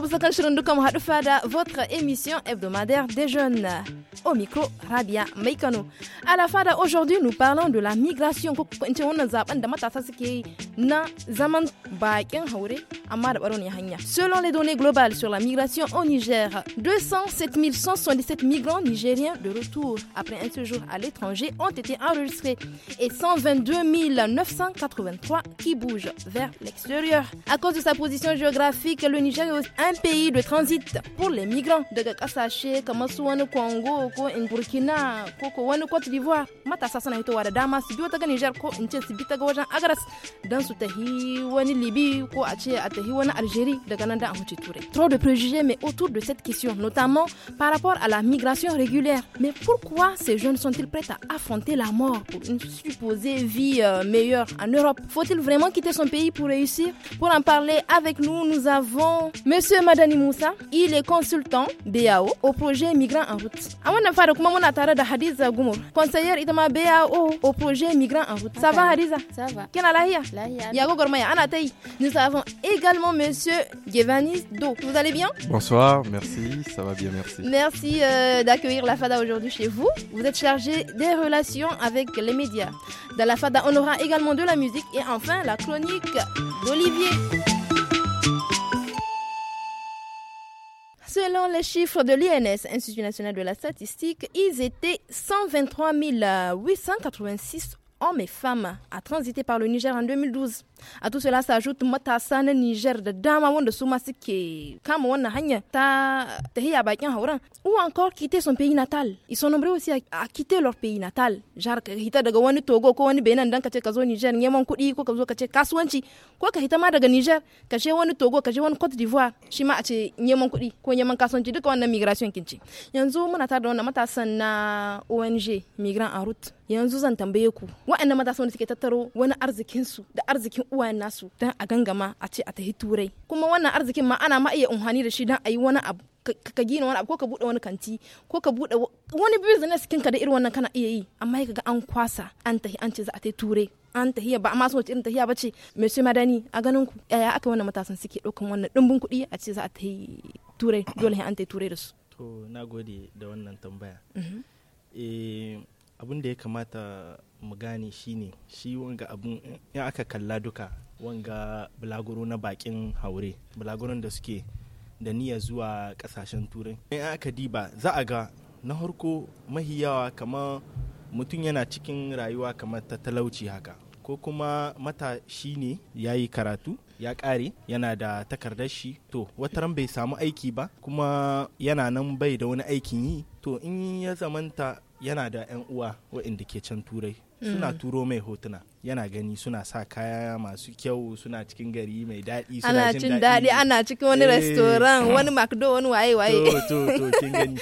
votre émission hebdomadaire des jeunes. Au micro, Rabia Meikano. À la Fada, aujourd'hui, nous parlons de la migration. Selon les données globales sur la migration au Niger, 207 177 migrants nigériens de retour après un séjour à l'étranger ont été enregistrés et 122 983 qui bougent vers l'extérieur. À cause de sa position géographique, le Niger est un pays de transit pour les migrants de kasashe comme Congo en Burkina ko ko d'Ivoire matasa et hitowa da dama su ta Niger ko in ce su Agras dans tahi wani Libye ko ache ce a tahi wani Algérie daga Canada, da an Trop de préjugés mais autour de cette question notamment par rapport à la migration régulière. Mais pourquoi ces jeunes sont-ils prêts à affronter la mort pour une supposée vie euh, meilleure en Europe Faut-il vraiment quitter son pays pour réussir Pour en parler avec nous, nous avons Monsieur Madame Madani Moussa, il est consultant BAO au projet Migrants en route. Awana fara Hadiza BAO au projet Migrants en route. Ça va Hadiza? Ça va. Nous avons également monsieur Gevanis Do. Vous allez bien? Bonsoir, merci, ça va bien, merci. Merci euh, d'accueillir la FADA aujourd'hui chez vous. Vous êtes chargé des relations avec les médias. Dans la FADA, on aura également de la musique et enfin la chronique d'Olivier. Selon les chiffres de l'INS, Institut national de la statistique, ils étaient 123 886 hommes et femmes à transiter par le Niger en 2012. a to cela s'ajoute matasa na Niger da dama wanda su ma suke kama wannan hanya ta tahiya bakin hauran ou encore quitter son pays natal ils sont nombreux aussi à quitter leur pays natal jihar ka hita daga wani Togo ko wani Benin dan ka ce ka zo Niger neman kuɗi ko ka zo ka ce kasuwanci ko ka hita ma daga Niger ka je wani Togo ka je wani Cote d'Ivoire shi ma a ce neman kuɗi ko neman kasuwanci duka wannan migration kin ce yanzu muna tare da wannan matasan na ONG Migrant en route yanzu zan tambaye ku waɗannan matasan da suke tattaro wani arzikin su da arzikin uwayen nasu don a gangama a ce a tafi turai kuma wannan arzikin ma ana ma iya unhani da shi don a yi wani abu ka gina wani abu ko ka bude wani kanti ko ka bude wani business kin ka da irin wannan kana iya yi amma ga an kwasa an tahi an ce za a tafi turai an tahiya ba amma sun irin tahiya bace mai sai madani a ganin ku yaya aka wannan matasan suke daukan wannan dimbin kuɗi a ce za a tafi turai dole an tafi turai da su to na gode da wannan tambaya mhm. eh, abin da ya kamata mu gane ne shi wanga abun in aka kalla duka wanga bulaguro na bakin haure bulaguron da suke da niyya zuwa kasashen turai ya aka diba za a ga na harko mahiyawa kamar mutum yana cikin rayuwa kamar ta talauci haka ko kuma mata shi ne ya yi karatu ya kare yana da takardar shi to wata ran bai samu aiki ba kuma yana nan bai da wani aikin yi to in ya zamanta yana da 'yan uwa waɗanda ke can turai suna mm. turo mai hotuna yana gani suna sa kaya masu kyau suna cikin gari mai daɗi suna jin daɗi ana cikin wani eh. restoran, wani makdo wani waye waye to to kin gani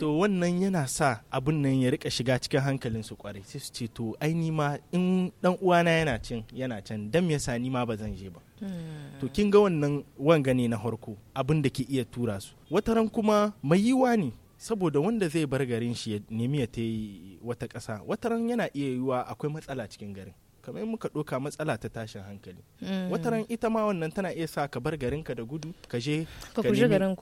to wannan yana sa abun nan ya rika shiga cikin hankalin su kwarai sai su ce to ai ni ma in dan uwana yana cin yana can dan me yasa ni ma ba zan je ba hmm. to kin ga wannan wanga ne na harko abin da ke iya tura su wataran kuma mai yiwa ne saboda wanda zai bar garin shi ya nemi ya ta yi wata ƙasa wataran yana iya yiwa akwai matsala cikin garin kamar muka ɗoka matsala ta tashin hankali mm. wataran ita ma wannan tana iya sa ka bar garinka da gudu ka je ka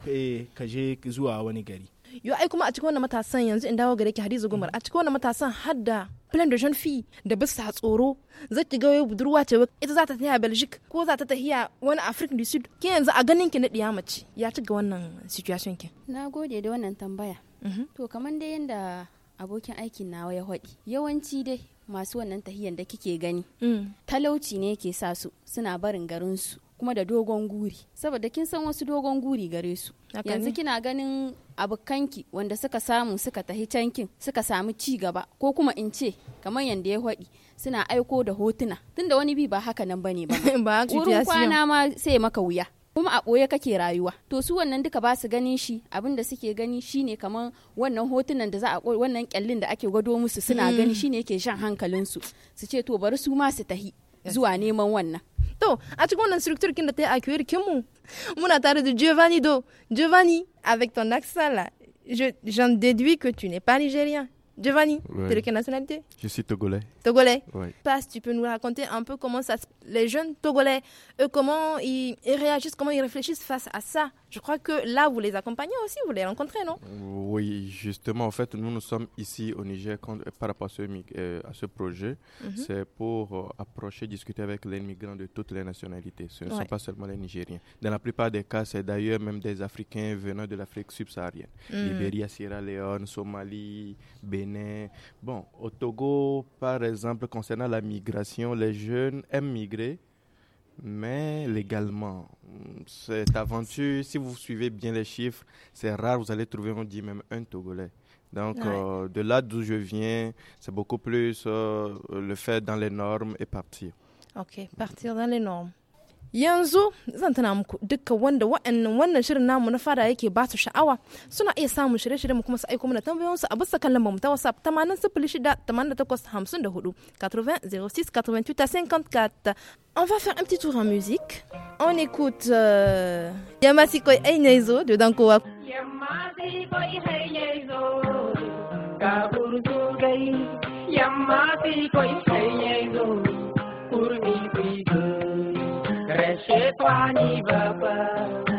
eh, je zuwa wani gari yo ai kuma a cikin wannan matasan yanzu in dawo gare ki Hadiza Gumar a cikin wannan matasan hadda plan da jeune fille da bisa tsoro za ki ga wai budurwa ce ita za ta tafiya Belgique ko za ta tafiya wani Africa du Sud ke yanzu a ganin ki na diya mace ya ci ga wannan situation ki na gode da wannan tambaya mhm. to kamar dai yanda abokin aikin nawa ya haɗi yawanci dai masu wannan tahiyan da kike gani mm. talauci ne ke sa su suna barin garinsu kuma da dogon guri saboda kin san wasu dogon guri gare su yanzu kina ganin abokanki wanda suka samu suka tahi cankin suka samu ci gaba ko kuma in ce kamar yadda ya faɗi suna aiko da hotuna tunda wani bi ba haka nan bane ba wurin kwana ma sai maka wuya kuma a ɓoye kake rayuwa to su wannan duka ba su ganin shi abin da suke gani shine kamar wannan hotunan da za a wannan kyallin da ake gwado musu suna gani mm. shine yake shan su su ce to bari su ma su tahi zuwa neman wannan To, a cikin wannan structure qui n'a accueilli accueillir Moi, mon Muna de Giovanni Do. Giovanni, avec ton accent là, j'en déduis que tu n'es pas nigérien. Giovanni, tu es de quelle nationalité Je suis togolais. Togolais Oui. Passe, tu peux nous raconter un peu comment ça, les jeunes togolais, eux, comment ils, réagissent, comment ils réfléchissent face à ça Je crois que là, vous les accompagnez aussi, vous les rencontrez, non euh, Oui, justement, en fait, nous, nous sommes ici au Niger par rapport à ce, euh, à ce projet. Mhm. C'est pour euh, approcher, discuter avec les migrants de toutes les nationalités. Ce ne sont pas seulement les Nigériens. Dans la plupart des cas, c'est d'ailleurs même des Africains venant de l'Afrique subsaharienne. Mhm. Libéria, Sierra Leone, Somalie, Bénin Bon, au Togo, par exemple, concernant la migration, les jeunes aiment migrer, mais légalement. Hmm, cette aventure, si vous suivez bien les chiffres, c'est rare, vous allez trouver, on dit même un Togolais. Donc, euh, de là d'où je viens, c'est beaucoup plus euh, le fait dans les normes et partir. Ok, partir dans les normes yanzu zan tana muku dukkan wanda wa'annan wannan shirin namu na fara yake ba su sha'awa suna iya samun shirye-shirye mu kuma su aiko mana tambayoyinsu a bisa kan lambar mu ta WhatsApp 806854 8006 88 54 On va faire un petit tour en musique. On écoute euh, Yamasikoy Eineizo de Dankowa. Yamasikoy Eineizo Kaburdu Gai Yamasikoy Eineizo Kurmi Kuidu a Baba.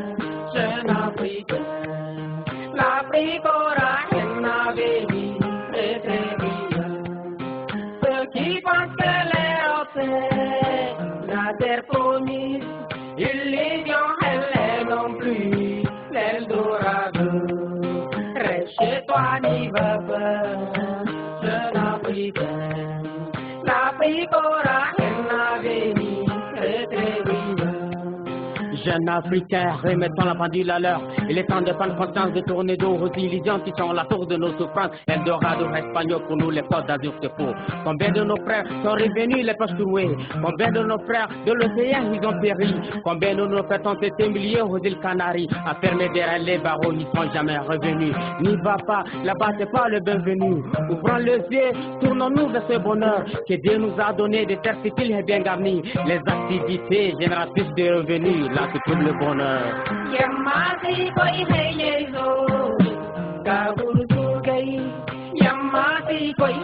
Afrique, remettons la pendule à l'heure. Il est temps de prendre conscience, de tourner dos aux illusions qui sont la tour de nos souffrances. Eldorado espagnol pour nous, les portes d'azur c'est faux. Combien de nos frères sont revenus les poches trouées Combien de nos frères de l'océan ils ont péri Combien de nos frères ont été milliers aux îles Canaries fermer derrière les barreaux, ils sont jamais revenus. N'y va pas, là-bas c'est pas le bienvenu. Ouvrons les yeux, tournons-nous vers ce bonheur que Dieu nous a donné des terres fertiles et bien garnies. Les activités génératrices de revenus, là, చెల్లు కోన ఎమ్మాయి పోయి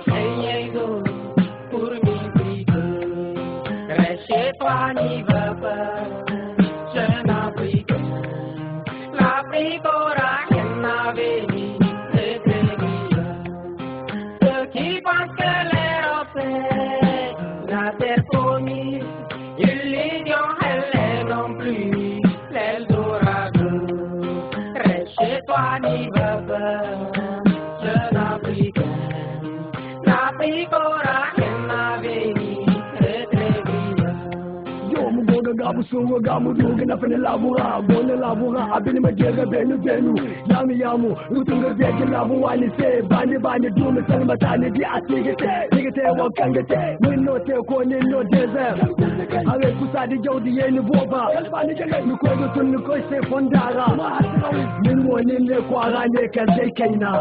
sungo gamu dunga na fene labura bone labura Abini ma benu benu yamu yamu lutunga zeki labu wani se bani bani dumi salma tani di atige te tige te wakanga te minno te ko ni no deze ale kusa di jodi yeni boba bani jega ni ko go tun ko se fondara min woni ne kwara ne kan dai kaina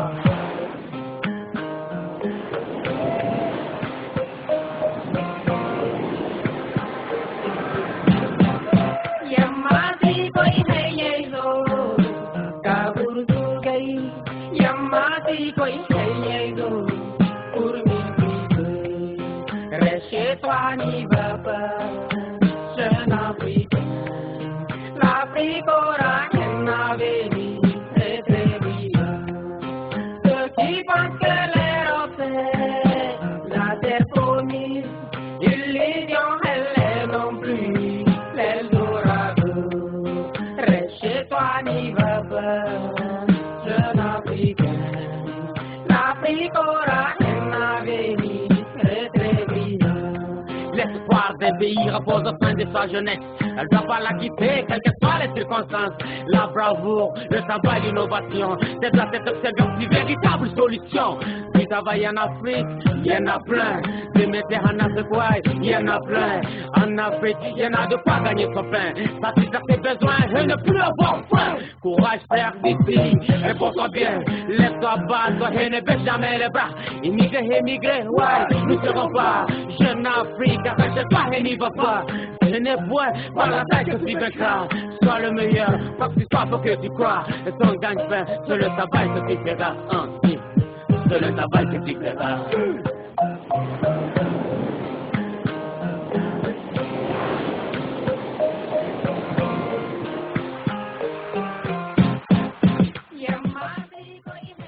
pays repose au sein de sa jeunesse. Elle doit pas la quitter, quelles que soient les circonstances. La bravoure, le savoir et l'innovation, c'est à cette observation une véritable solution qui travaillent en Afrique, il y en a plein. Des mets en Afrique, il y en a plein. En Afrique, il y en a de pas gagner son pain. Satisfaire tes besoins je ne plus avoir faim. Courage, faire d'ici, et pour toi bien. laisse toi bas toi et ne baisse jamais les bras. Immigré, émigré, ouais, nous serons pas. Jeune Afrique, arrête pas, et n'y va pas. Je ne point pas la taille que tu vaincras. Sois le meilleur, pas que tu sois, faut que tu crois. Et ton gagne-pain, c'est le travail que tu feras. Un, Solo está mal que te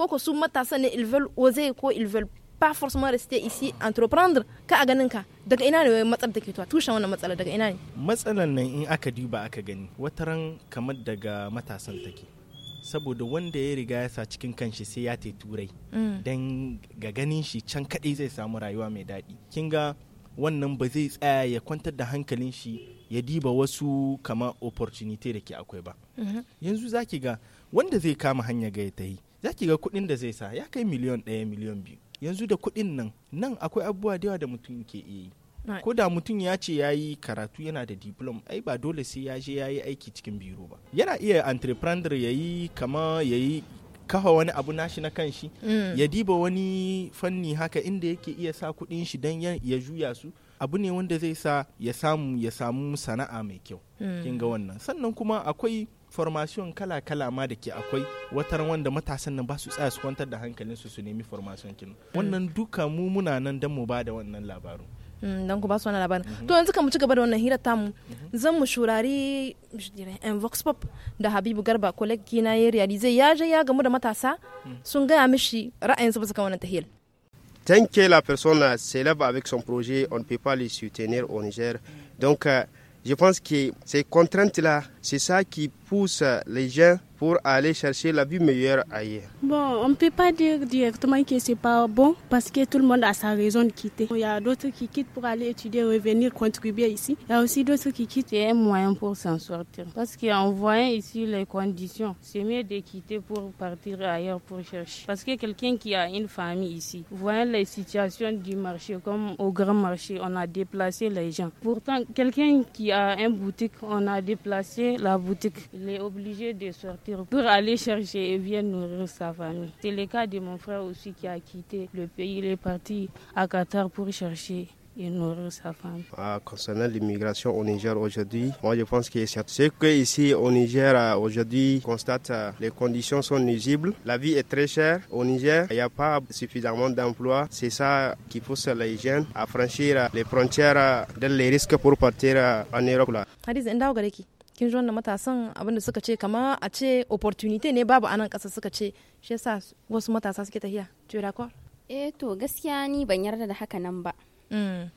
ko ko su matasa ne ils veulent oser ko ils veulent pas forcément rester ici entreprendre ka a ganin ka daga ina ne matsalar take to tushen wannan matsalar daga ina ne matsalar nan in aka duba aka gani wata ran kamar daga matasan take saboda wanda ya riga ya sa cikin kanshi sai ya tai turai mm. dan ga ganin shi can kadai zai samu rayuwa mai daɗi kin ga wannan ba zai tsaya ya kwantar da hankalin shi ya diba wasu kama opportunity da ke akwai ba mm-hmm. yanzu zaki ga wanda zai kama hanya ga ya yi za ki ga kuɗin da zai sa ya kai miliyon ɗaya miliyon biyu yanzu da kuɗin nan nan akwai abubuwa da yawa da mutum ke iya yi ko da mutum ya ce ya yi karatu yana da diplom ai ba dole sai ya je ya yi aiki cikin biro ba yana iya entrepreneur ya yi kama ya yi kafa wani abu nashi na kanshi mm. ya diba wani fanni haka inda yake iya sa kuɗin shi don ya juya su abu ne wanda zai sa ya samu ya samu sana'a mai kyau hmm. kin ga wannan sannan kuma akwai formation kala-kala ma da ke akwai watan wanda matasan nan ba su tsaya su kwantar da hankalin su nemi formation kin hmm. wannan duka mu muna nan dan mu bada wannan labaru hmm, Dan ku ba su wannan labarin mhm. to yanzu kan mu ci gaba da wannan hirar tamu mhm. zan mu shurari en eh, vox pop da habibu garba kolegi na ya realize ya je ya gamu da matasa sun gaya mishi ra'ayinsu su kan wannan tahiyar Tant que la personne célèbre euh, avec son projet, on ne peut pas le soutenir au Niger. Donc, euh, je pense que ces contraintes-là, c'est ça qui pousse euh, les gens pour aller chercher la vie meilleure ailleurs. Bon, on ne peut pas dire directement que n'est pas bon parce que tout le monde a sa raison de quitter. Il y a d'autres qui quittent pour aller étudier, revenir, contribuer ici. Il y a aussi d'autres qui quittent. et un moyen pour s'en sortir parce qu'en voyant ici les conditions, c'est mieux de quitter pour partir ailleurs pour chercher. Parce que quelqu'un qui a une famille ici, voyant les situations du marché comme au grand marché, on a déplacé les gens. Pourtant, quelqu'un qui a une boutique, on a déplacé la boutique. Il est obligé de sortir pour aller chercher et viennent nourrir sa famille. C'est le cas de mon frère aussi qui a quitté le pays. Il est parti à Qatar pour chercher et nourrir sa ah, femme. concernant l'immigration au Niger aujourd'hui, moi je pense que c'est que ici au Niger euh, aujourd'hui constate euh, les conditions sont nuisibles, la vie est très chère au Niger, il n'y a pas suffisamment d'emplois, c'est ça qui pousse les jeunes à franchir euh, les frontières les risques pour partir en Europe là. kin ji wannan matasan abinda suka ce kama a ce opportunity ne babu anan ƙasa suka ce shi yasa wasu matasa suke tafiya ko eh to gaskiya ni ban yarda da haka nan ba mm.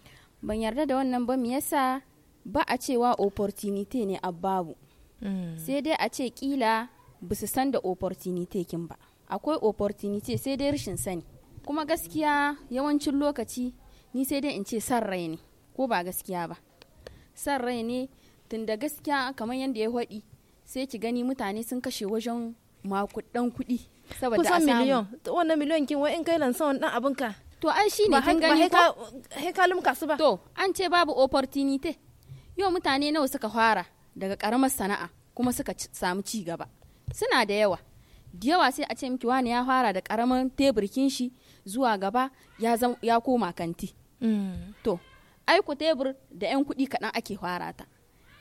ban yarda da wannan ba me yasa ba a cewa opportunity ne a babu mm. sai dai a ce kila ba su san da opportunity kin ba akwai opportunity sai dai rashin sani kuma gaskiya yawancin lokaci ni sai dai in ce san rai ne ko ba gaskiya ba san rai ne tunda gaskiya kamar yadda ya waɗi sai ki gani mutane sun kashe wajen makudan kuɗi saboda miliyon wannan miliyon kin wai in kai lansan wannan abin ka to ai shine kin gani ko hekalum kasu ba to an ce babu opportunity yau mutane nawa suka fara daga karamar sana'a kuma suka samu ci gaba suna da yawa da yawa sai a ce miki wani ya fara da karamar teburkin shi zuwa gaba ya koma kanti mm. to ku tebur da 'yan kuɗi kaɗan ake fara ta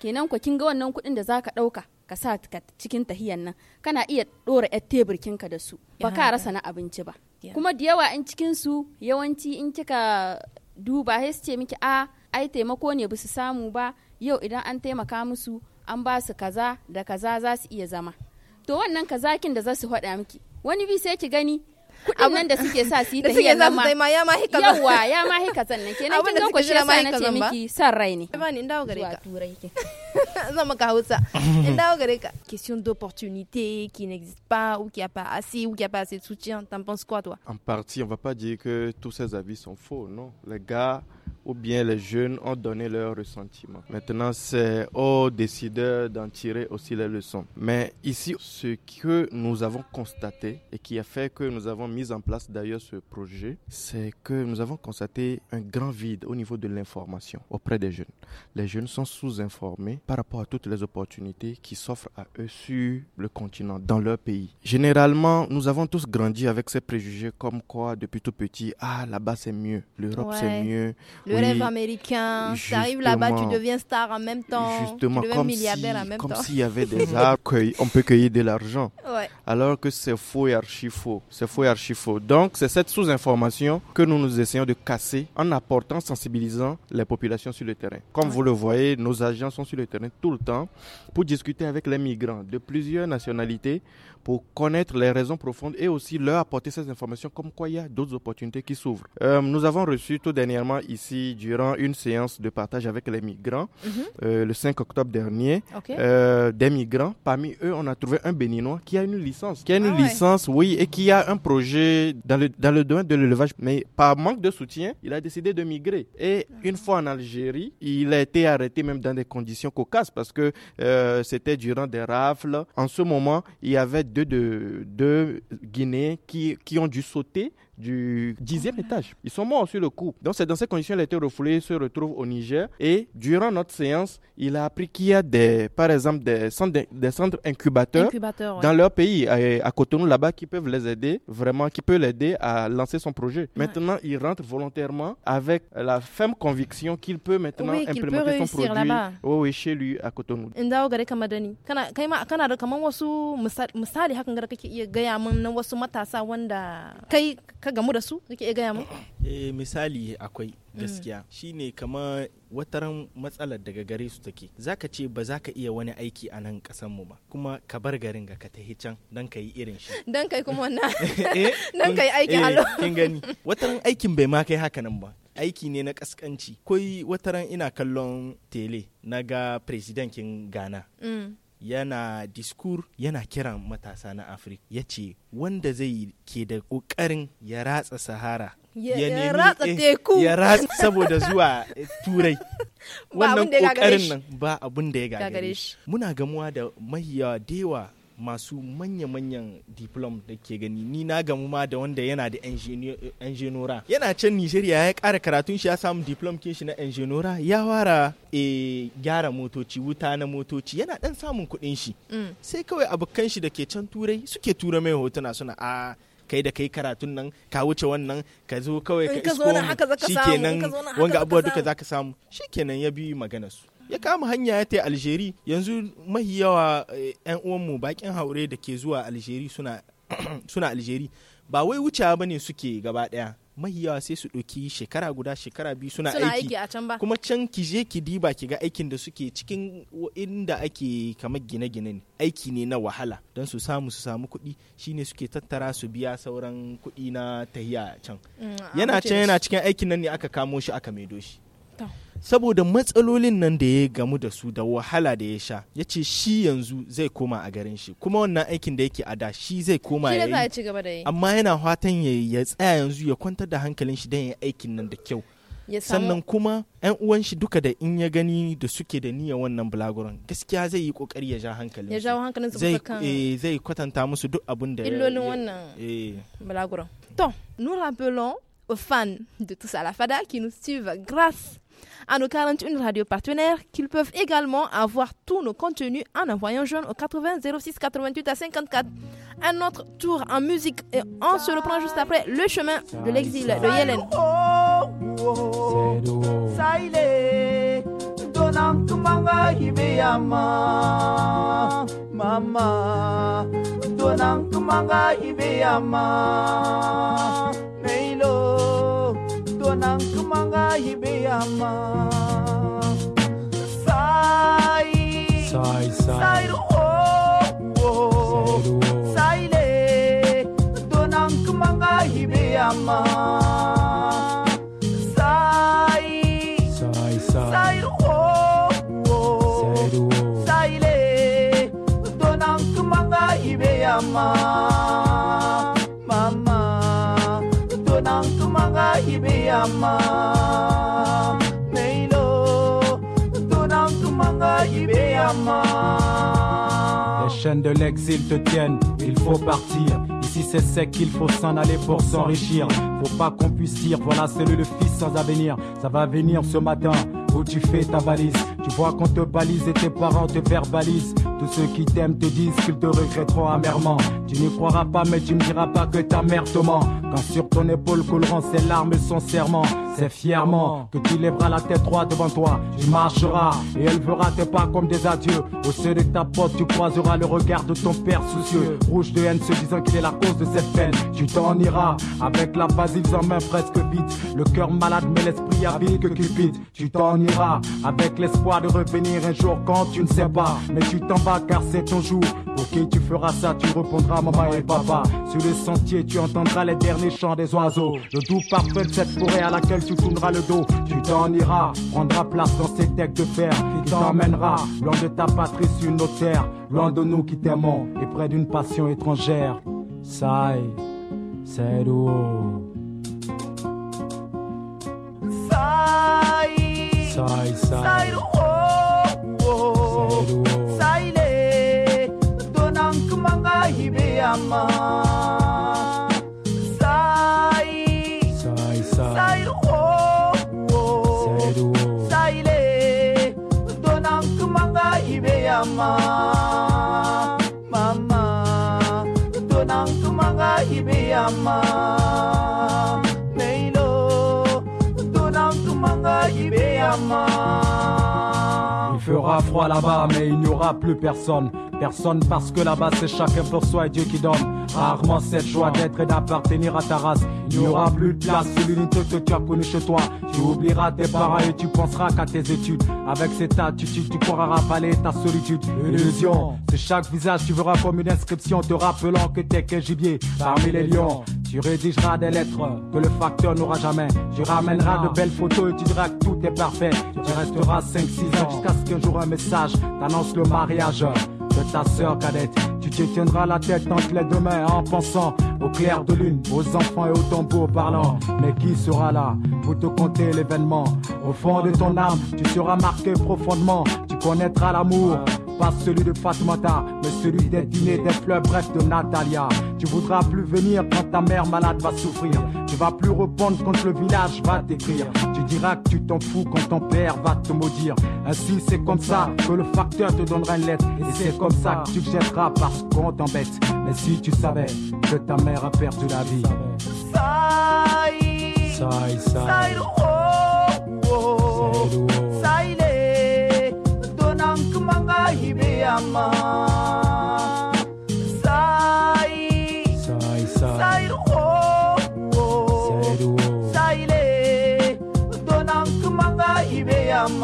kenan ku kin ga wannan kuɗin da zaka ɗauka ka sa cikin tahiyan nan kana iya ɗora yar kinka da su ba ka rasa na abinci ba kuma da yawa in cikin su yawanci in kika duba sai ce miki a ai taimako ne bisu samu ba yau idan an taimaka musu an ba su kaza da kaza za su iya zama to wannan kaza kin da za su faɗa miki wani bi sai ki gani da question d'opportunité qui n'existe pas ou qui a pas assez ou qui a pas assez de soutien t'en penses quoi toi en partie on va pas dire que tous ces avis sont faux non les gars ou bien les jeunes ont donné leur ressentiment. Maintenant, c'est aux décideurs d'en tirer aussi les leçons. Mais ici, ce que nous avons constaté et qui a fait que nous avons mis en place d'ailleurs ce projet, c'est que nous avons constaté un grand vide au niveau de l'information auprès des jeunes. Les jeunes sont sous-informés par rapport à toutes les opportunités qui s'offrent à eux sur le continent, dans leur pays. Généralement, nous avons tous grandi avec ces préjugés comme quoi depuis tout petit, ah là-bas c'est mieux, l'Europe c'est mieux, le rêve américain. Tu arrives là-bas, tu deviens star en même temps. tu deviens comme milliardaire en même temps. Comme s'il y avait des arbres, on peut cueillir de l'argent. Alors que c'est faux et archi faux. C'est faux et archi faux. Donc, c'est cette sous-information que nous nous essayons de casser en apportant, sensibilisant les populations sur le terrain. Comme vous le voyez, nos agents sont sur le terrain tout le temps pour discuter avec les migrants de plusieurs nationalités pour connaître les raisons profondes et aussi leur apporter ces informations comme quoi il y a d'autres opportunités qui s'ouvrent. Euh, nous avons reçu tout dernièrement ici, durant une séance de partage avec les migrants, mhm. euh, le 5 octobre dernier, euh, des migrants. Parmi eux, on a trouvé un Béninois qui a une licence. Qui a une ah licence, oui, et qui a un projet dans le, dans le domaine de l'élevage. Mais par manque de soutien, il a décidé de migrer. Et mhm. une fois en Algérie, il a été arrêté même dans des conditions cocasses parce que c'était durant des rafles. En ce moment, il y avait deux, de, de Guinéens qui ont dû sauter du dixième étage. Ils sont morts sur le coup. Donc c'est dans ces conditions qu'il a été refoulé, il se retrouve au Niger. Et durant notre séance, il a appris qu'il y a des, par exemple des centres, des centres incubateurs dans leur pays, à, Cotonou là-bas, qui peuvent les aider, vraiment, qui peut l'aider à lancer son projet. Maintenant, il rentre volontairement avec la ferme conviction qu'il peut maintenant implémenter son produit oh, chez lui à Cotonou. gamu da su kake iya gaya mu eh, eh misali akwai mm. gaskiya shine kamar wataran matsalar daga gare su take zaka ce ba za ka iya wani aiki a nan kasan mu ba kuma ka bar garin ga ka tahi can dan ka yi irin shi dan kai kuma wannan dan kai aiki lo kin gani wataran aikin bai ma kai haka nan ba aiki ne na kaskanci koi wataran ina kallon tele na ga presidentin ghana mm. yana diskur yana kiran matasa na afirka ya ce wanda zai ke da ƙoƙarin ya ratsa sahara ya ratsa eh, teku ya ratsa saboda zuwa eh, turai wannan ƙoƙarin nan ba abin da ya gagare shi muna gamuwa da mahiya dewa masu manya-manyan diplom da ke gani ni na gamu ma da wanda yana da enjinora yana can nigeria ya kara karatun shi ya samu diplom kin shi na enjinora ya wara e eh, gyara motoci wuta na motoci yana dan samun kuɗin shi mm. sai kawai abokan shi da ke can turai suke tura mai hotuna suna a kai da kai karatun nan ka wuce wannan ka zo kawai ka isko shikenan wanga abuwa duka zaka samu shikenan ya bi magana su ya kama hanya ya ta aljeri yanzu mahi yawa yan eh, uwanmu bakin haure da ke zuwa aljeri suna aljeri ba wai wuce ba ne suke gaba daya mahiyawa sai su ɗauki shekara guda shekara biyu suna, aiki, ba kuma can ki je ki diba ki ga aikin da suke cikin inda ake kamar gine-gine aiki ne na wahala don su samu su samu kuɗi shine suke tattara su biya sauran kuɗi na tahiya can mm, yana can yana cikin aikin nan ne aka kamo shi aka maido shi saboda matsalolin nan da ya gamu da su da wahala da ya sha ya ce shi yanzu zai koma a garin shi kuma wannan aikin da yake a da shi zai koma ya yi amma yana fatan ya tsaya yanzu ya kwantar da hankalin shi don ya aikin nan da kyau sannan kuma 'yan uwan shi duka da in ya gani da suke da niyyar wannan bulaguran gaskiya zai yi kokari ya ja hankalin ya jawo hankalin su zai eh, zai kwatanta musu duk abin da illolin wannan eh. bulaguran to nous rappelons aux fans de tous à la fada qui nous suivent grâce à nos 41 radios partenaires qu'ils peuvent également avoir tous nos contenus en envoyant jeune au 80 06 88 à 54. Un autre tour en musique et on se reprend juste après le chemin de l'exil de Yellen. Sai beyama Sai Sai Sai Sai ruo Sai le Donang kumanga les chaînes de l'exil te tiennent, il faut partir. Ici c'est sec qu'il faut s'en aller pour s'enrichir. Faut pas qu'on puisse dire, voilà c'est le fils sans avenir. Ça va venir ce matin, où tu fais ta valise. Tu vois qu'on te balise et tes parents te verbalisent. Tous ceux qui t'aiment te disent qu'ils te regretteront amèrement. Tu n'y croiras pas, mais tu me diras pas que ta mère te ment. Quand sur ton épaule couleront ses larmes et son serment, c'est fièrement que tu lèveras la tête droite devant toi. Tu marcheras et elle verra tes pas comme des adieux. Au seuil de ta porte, tu croiseras le regard de ton père soucieux. Rouge de haine se disant qu'il est la cause de cette peine. Tu t'en iras avec la basive en main presque vite. Le cœur malade, mais l'esprit habite que Cupid. Tu t'en avec l'espoir de revenir un jour quand tu ne sais pas. Mais tu t'en vas car c'est ton jour. Ok, tu feras ça, tu répondras maman et papa. Sur le sentier, tu entendras les derniers chants des oiseaux. Le doux parfait de cette forêt à laquelle tu tourneras le dos. Tu t'en iras, prendras place dans ces tecs de fer qui t'emmènera loin de ta patrie sur nos terres, loin de nous qui t'aimons et près d'une passion étrangère. Sai, c'est Sai. side, sai, side, side, side, side, side, side, froid là-bas, mais il n'y aura plus personne. Personne parce que là-bas c'est chacun pour soi et Dieu qui donne. Rarement cette joie d'être et d'appartenir à ta race. Il n'y aura plus de place, l'unité que tu as connue chez toi. Tu oublieras tes parents et tu penseras qu'à tes études. Avec cette attitude, tu pourras rappeler ta solitude. Illusion, c'est chaque visage tu verras comme une inscription te rappelant que t'es qu'un gibier parmi les lions. Tu rédigeras des lettres que le facteur n'aura jamais. Tu ramèneras de belles photos et tu diras que tout est parfait. Tu resteras 5-6 ans jusqu'à ce qu'un jour un message t'annonce le mariage de ta sœur cadette. Tu te tiendras la tête entre les deux mains en pensant au clair de lune, aux enfants et aux tambours parlant Mais qui sera là pour te compter l'événement Au fond de ton âme, tu seras marqué profondément. Tu connaîtras l'amour pas celui de Mata, mais celui des dîners, des fleurs, bref de Natalia. Tu voudras plus venir quand ta mère malade va souffrir. Tu vas plus répondre quand le village va t'écrire. Tu diras que tu t'en fous quand ton père va te maudire. Ainsi, c'est comme ça que le facteur te donnera une lettre. Et c'est comme ça que tu jetteras parce qu'on t'embête. Mais si tu savais que ta mère a perdu la vie. Oh.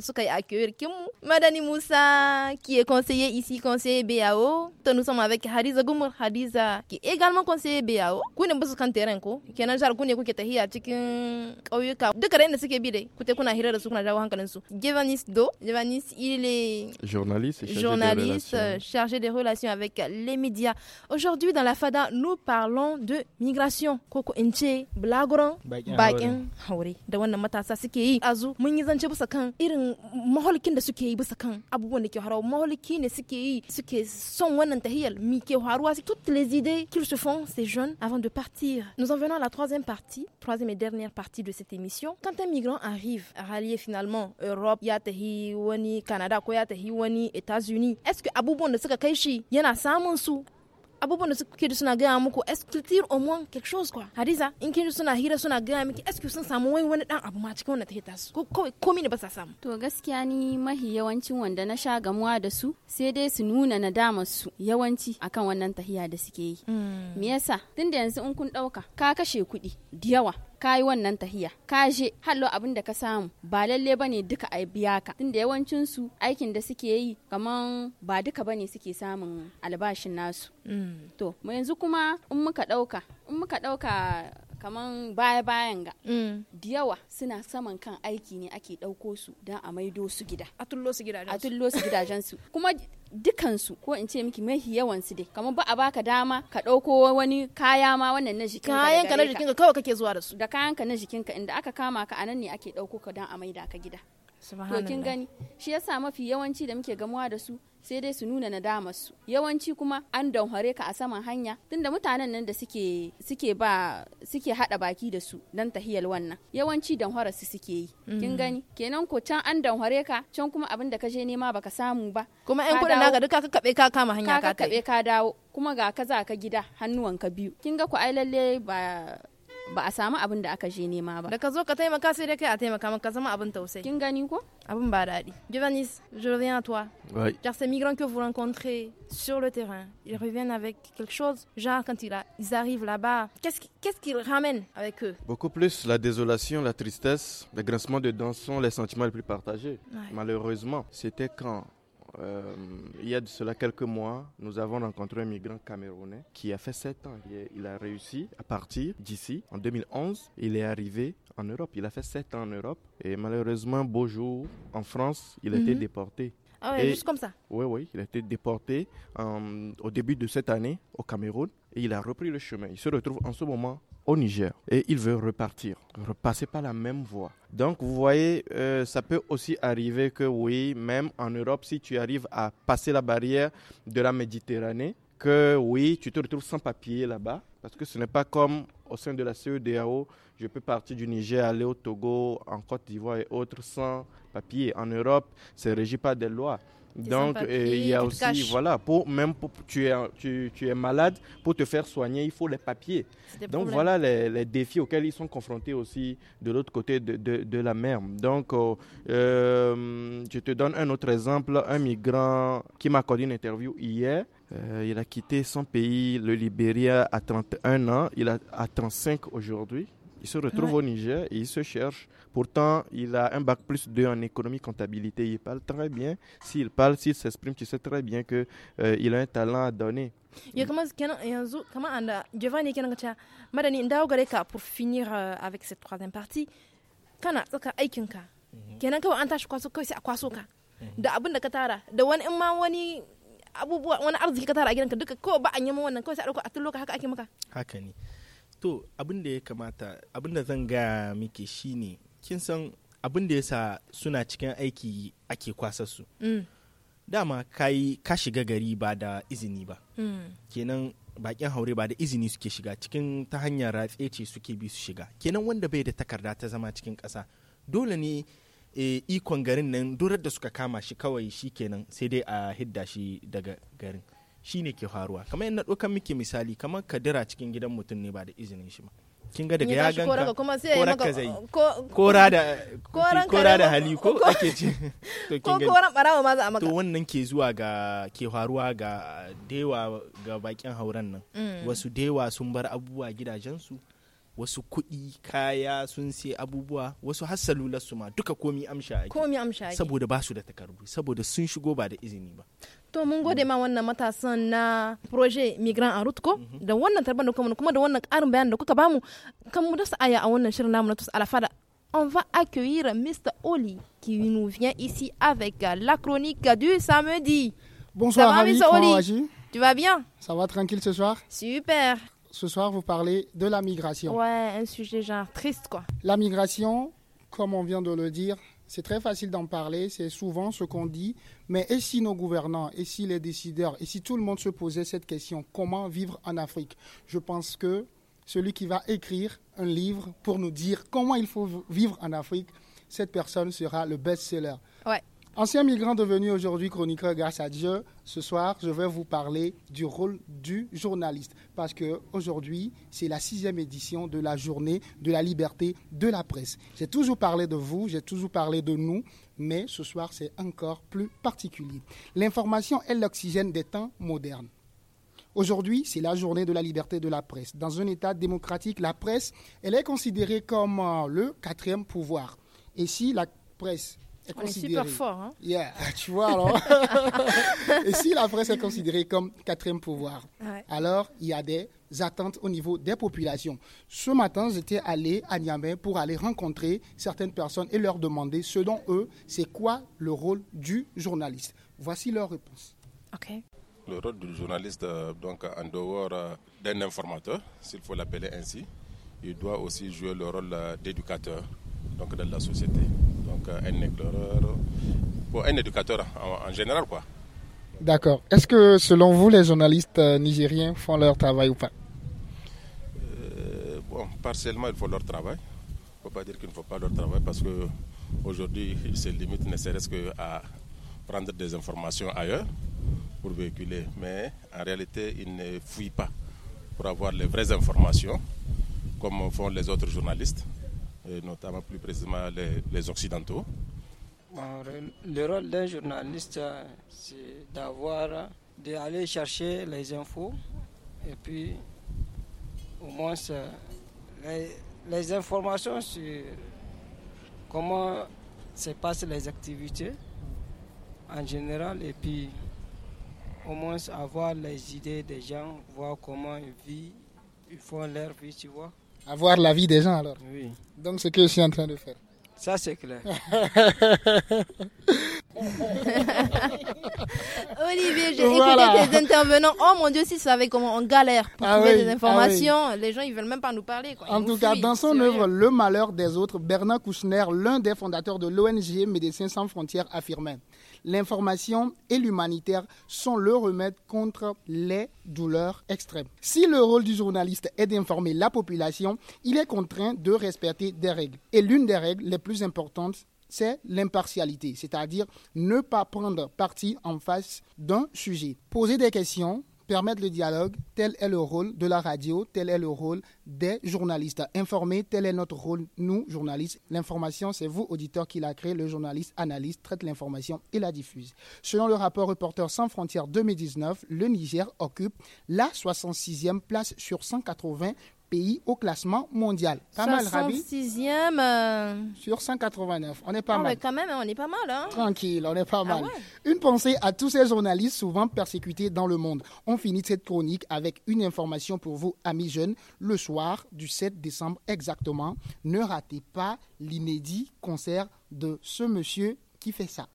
suka yi accueillir Madani Moussa, qui est conseiller ici, conseiller BAO. Nous sommes avec Hadiza Gumur Hadiza, qui est également conseiller BAO. Kune basu kan terrain ko, kenan jar kune kuke tahiya cikin ƙauyuka. Duka da suke bi dai, kute kuna hira da su kuna jawo hankalin su. Gevanis Do, Gevanis il est journaliste, chargé, journaliste des chargé des relations avec les médias. Aujourd'hui dans la Fada, nous parlons de migration. Koko enche, blagoran, bakin haure. Da wannan matasa suke yi. Azu mun yi zance bisa kan irin toutes les idées qu'ils se font ces jeunes avant de partir nous en venons à la troisième partie troisième et dernière partie de cette émission quand un migrant arrive à rallier finalement Europe ya Canada ko ya États-Unis est-ce que abubuwan da suka kai shi yana samun su abubuwan da suke da suna gaya muku exclusive on one quelque chose quoi hadiza in kin suna hira suna gaya miki excuse sun samu wani wani dan abu ma cikin wannan tahita su ko kawai ne ba sa samu to gaskiya ni mahi yawancin wanda na sha gamuwa da su sai dai su nuna nadamar su yawanci akan wannan tahiya da suke yi hmm. me yasa tunda yanzu in kun ɗauka, ka kashe kuɗi da yawa ka yi wannan tahiya ka je hallo abin da ka samu ba lalle bane duka a biya ka tunda yawancin su aikin da suke yi kaman ba duka bane suke samun albashin nasu mm. to yanzu kuma in muka dauka in muka dauka kamar baya-bayan ga mm. da yawa suna saman kan aiki ne ake ɗauko su don a maido su gida a tullo su gidajensu kuma dukansu ko in ce miki mahi yawansu dai kamar ba a baka dama ka ɗauko wani kaya ma wannan na jikinka kayan ka na jikinka kawai kake zuwa da su da kayan ka na jikinka inda aka kama ka anan ne ake ɗauko ka don a maida ka gida to kin gani shi yasa mafi yawanci da muke gamuwa da su sai dai su nuna nadamar su yawanci kuma an donhare ka a saman hanya tunda mutanen nan da suke suke ba suke hada baki da su dan tahiyal wannan yawanci donhara su suke yi mm. kin gani kenan ko can an donhare ka can kuma abin da ka je nema baka samu ba kuma ɗan kudin naka duka ka kabe ka kama hanya ka kabe ka dawo kuma ga ka za ka gida hannuwanka biyu kin ga ku ai lalle ba je reviens à toi car ces migrants que vous rencontrez sur le terrain ils reviennent avec quelque chose genre quand ils, arrivent là-bas qu'est-ce qu'ils ramènent avec eux beaucoup plus la désolation la tristesse le grincement de dents sont les sentiments les plus partagés malheureusement c'était quand euh, il y a de cela quelques mois, nous avons rencontré un migrant camerounais qui a fait 7 ans. Il a réussi à partir d'ici en 2011. Il est arrivé en Europe. Il a fait 7 ans en Europe. Et malheureusement, beau jour, en France, il a été mhm. déporté. Ah juste comme ça Oui, oui. Il a été déporté euh, au début de cette année au Cameroun. Et il a repris le chemin. Il se retrouve en ce moment au Niger et il veut repartir, repasser par la même voie. Donc vous voyez, euh, ça peut aussi arriver que oui, même en Europe, si tu arrives à passer la barrière de la Méditerranée, que oui, tu te retrouves sans papier là-bas, parce que ce n'est pas comme au sein de la CEDAO, je peux partir du Niger, aller au Togo, en Côte d'Ivoire et autres sans papier. En Europe, c'est régi pas des lois. Donc, il y a aussi, voilà, pour, même pour, tu, es, tu, tu, malade, pour te faire soigner, il faut les papiers. Donc, voilà les, défis auxquels ils sont confrontés aussi de l'autre côté de, la mer. Donc, oh, euh, je te donne un autre exemple. Un migrant qui m'a accordé une interview hier, euh, il a quitté son pays, le Libéria, à 31 ans. Il a à 35 aujourd'hui. Il se retrouve au Niger et il se cherche. Pourtant, il a un bac plus 2 en économie comptabilité. Il parle très bien. S'il parle, s'il s'exprime, tu sais très bien que euh, il a un talent à donner. Giovanni madani ndawo gare ka pour finir euh, avec cette troisième partie kana tsaka aikin ka mhm. kenan kawai an tashi kwaso kawai sai a kwaso ka mhm. da abin da ka tara da wani in ma wani abubuwa wani arziki ka tara a gidanka duka kawai ba an yi wannan kawai sai a dauka a haka ake maka haka ne to abin da ya kamata abin da zan gaya miki shine kin san abin da yasa suna cikin aiki ake kwasa su mm. dama kai ka shiga gari ba da izini ba mm. kenan bakin haure ba da izini suke shiga cikin ta hanyar ratse ce suke bi su shiga kenan wanda bai da takarda ta zama cikin ƙasa dole ne e ikon garin nan durar da suka kama shi kawai shi kenan sai dai a hidda shi daga garin shine ke faruwa kamar yadda ɗaukan muke misali kamar ka dira cikin gidan mutum ne ba da izinin shi ma kin ga daga ya ganka koran maka zai kora da kora da hali ko ake ce to kin ga koran barawa ma za a maka to wannan ke zuwa ga ke faruwa ga dewa ga bakin hauren nan mm. wasu dewa sun bar abubuwa gidajensu wasu kuɗi kaya sun sai abubuwa wasu har salular su ma duka komi amsha ake komi amsha ake saboda ba su da takardu saboda sun shigo ba da izini ba to mun gode ma wannan matasan na projet migrant en route ko mhm. da wannan tarban da kuma kuma da wannan karin bayanin da kuka bamu kan mu dasa aya a wannan shirin namu na tus alafada on va accueillir Mr Oli qui nous vient ici avec la chronique du samedi bonsoir ça va, Mr. Oli tu vas bien ça va tranquille ce soir super ce soir, vous parlez de la migration. Ouais, un sujet genre triste, quoi. La migration, comme on vient de le dire, c'est très facile d'en parler, c'est souvent ce qu'on dit, mais et si nos gouvernants, et si les décideurs, et si tout le monde se posait cette question, comment vivre en Afrique Je pense que celui qui va écrire un livre pour nous dire comment il faut vivre en Afrique, cette personne sera le best-seller. Ancien migrant devenu aujourd'hui chroniqueur grâce à Dieu, ce soir, je vais vous parler du rôle du journaliste. Parce que aujourd'hui, c'est la sixième édition de la journée de la liberté de la presse. J'ai toujours parlé de vous, j'ai toujours parlé de nous, mais ce soir, c'est encore plus particulier. L'information est l'oxygène des temps modernes. Aujourd'hui, c'est la journée de la liberté de la presse. Dans un État démocratique, la presse, elle est considérée comme euh, le quatrième pouvoir. Et si la presse est super fort. Hein? Yeah, tu vois alors. et si la presse est considérée comme quatrième pouvoir, alors il y a des attentes au niveau des populations. Ce matin, j'étais allé à Niamey pour aller rencontrer certaines personnes et leur demander, selon eux, c'est quoi le rôle du journaliste. Voici leur réponse. Le rôle du journaliste, euh, donc en dehors euh, d'un informateur, s'il faut l'appeler ainsi, il doit aussi jouer le rôle euh, d'éducateur donc de la société. Euh, un éclaireur, euh, un éducateur en, général. quoi. D'accord. Est-ce que selon vous, les journalistes euh, nigériens font leur travail ou pas Bon, partiellement, ils font leur travail. Il ne faut pas dire qu'ils ne font pas leur travail parce qu'aujourd'hui, ils se limitent ne serait-ce qu'à prendre des informations ailleurs pour véhiculer. Mais en réalité, ils ne fouillent pas pour avoir les vraies informations comme font les autres journalistes et notamment plus précisément les, Occidentaux Le rôle d'un journaliste, euh, c'est d'avoir, d'aller chercher les infos et puis au moins les, les informations sur comment se passent les activités en général et puis au moins avoir les idées des gens, voir comment ils vivent, ils font leur vie, tu vois. Avoir la vie des gens alors. Oui. Donc ce que je suis en train de faire. Ça c'est clair. Olivier, j'ai écouté tes intervenants. Oh mon Dieu, si ça savait comment on galère pour ah trouver des ah informations, les gens ils veulent même pas nous parler. En tout cas, dans son œuvre Le malheur des autres, Bernard Kouchner, l'un des fondateurs de l'ONG Médecins sans frontières, affirmait L'information et l'humanitaire sont le remède contre les douleurs extrêmes. Si le rôle du journaliste est d'informer la population, il est contraint de respecter des règles. Et l'une des règles les plus importantes c'est l'impartialité, c'est-à-dire ne pas prendre parti en face d'un sujet. Poser des questions, permettre le dialogue, tel est le rôle de la radio, tel est le rôle des journalistes. Informer, tel est notre rôle, nous, journalistes. L'information, c'est vous, auditeurs, qui la créez. Le journaliste analyse, traite l'information et la diffuse. Selon le rapport Reporters sans frontières 2019, le Niger occupe la 66e place sur 180 pays au classement mondial. Pas mal, Rabi. e Sur 189. On est pas ah mal. quand même, on est pas mal. Hein. Tranquille, on est pas ah mal. Une pensée à tous ces journalistes souvent persécutés dans le monde. On finit cette chronique avec une information pour vous, amis jeunes. Le soir du 7 décembre exactement, ne ratez pas l'inédit concert de ce monsieur qui fait ça.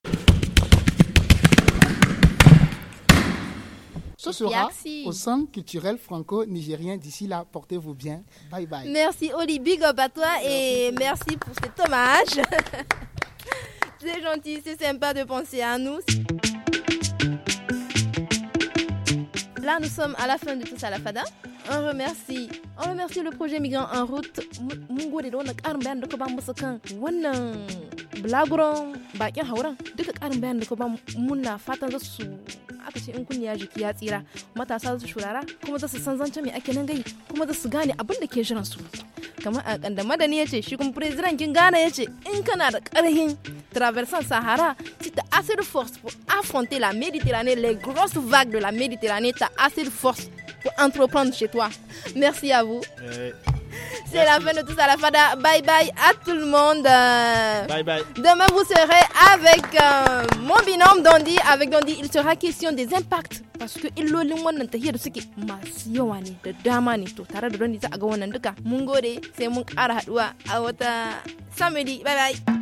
au centre culturel franco-nigérien. D'ici là, portez-vous bien. Bye bye. Merci Oli, big à toi et merci pour cet hommage. c'est gentil, c'est sympa de penser à nous. Là, nous sommes à la fin de tout ça, la fada. On remercie, on remercie le projet Migrant en route. bakin hauran lokaci in ya jiki ya tsira matasa za su shurara kuma za su san zance mai ake nan gai kuma za su gane abin da ke jiran su kamar a kanda madani ya ce shi kuma firiziran kin gane ya ce in kana da karhin traversant sahara si ta assez force pour affronter la méditerranée les grosses vagues de la méditerranée ta assez force pour entreprendre chez toi merci à vous euh... C'est la fin de tous à la fada. Bye bye à tout le monde. Euh, bye bye. Demain, vous serez avec euh, mon binôme Dondi. Avec Dondi, il sera question des impacts. Parce que il loli wannan tahiyar suke masu yawa ne da dama ne to tare da Dondi za a ga wannan duka. Mun gode sai mun ƙara a wata samedi. Bye bye.